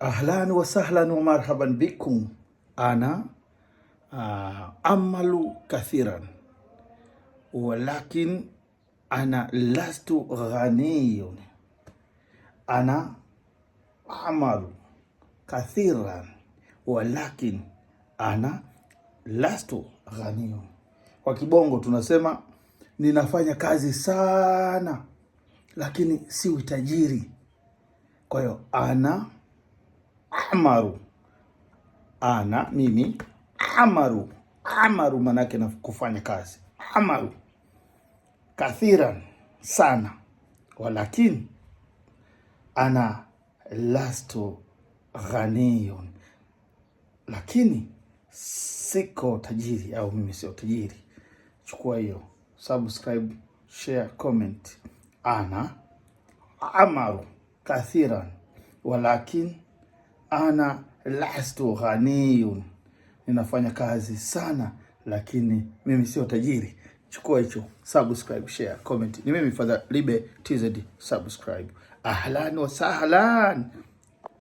Ahlan wa sahlan wa marhaban bikum ana uh, amalu kathiran walakin ana lastu ghaniyun ana amalu kathiran walakin ana lastu ghaniyun. Kwa kibongo tunasema ninafanya kazi sana lakini si utajiri. Kwa hiyo ana amaru ana mimi amaru amaru, manake na kufanya kazi amaru kathiran sana, walakini ana lastu ghaniyun, lakini siko tajiri au mimi sio tajiri. Chukua hiyo, subscribe, share, comment. Ana amaru kathiran walakin ana lastu ghaniyun, ninafanya kazi sana lakini mimi sio tajiri. Chukua hicho, subscribe, share, comment. Ni mimi Fadha Libe TZ, subscribe. Ahlan wa sahlan.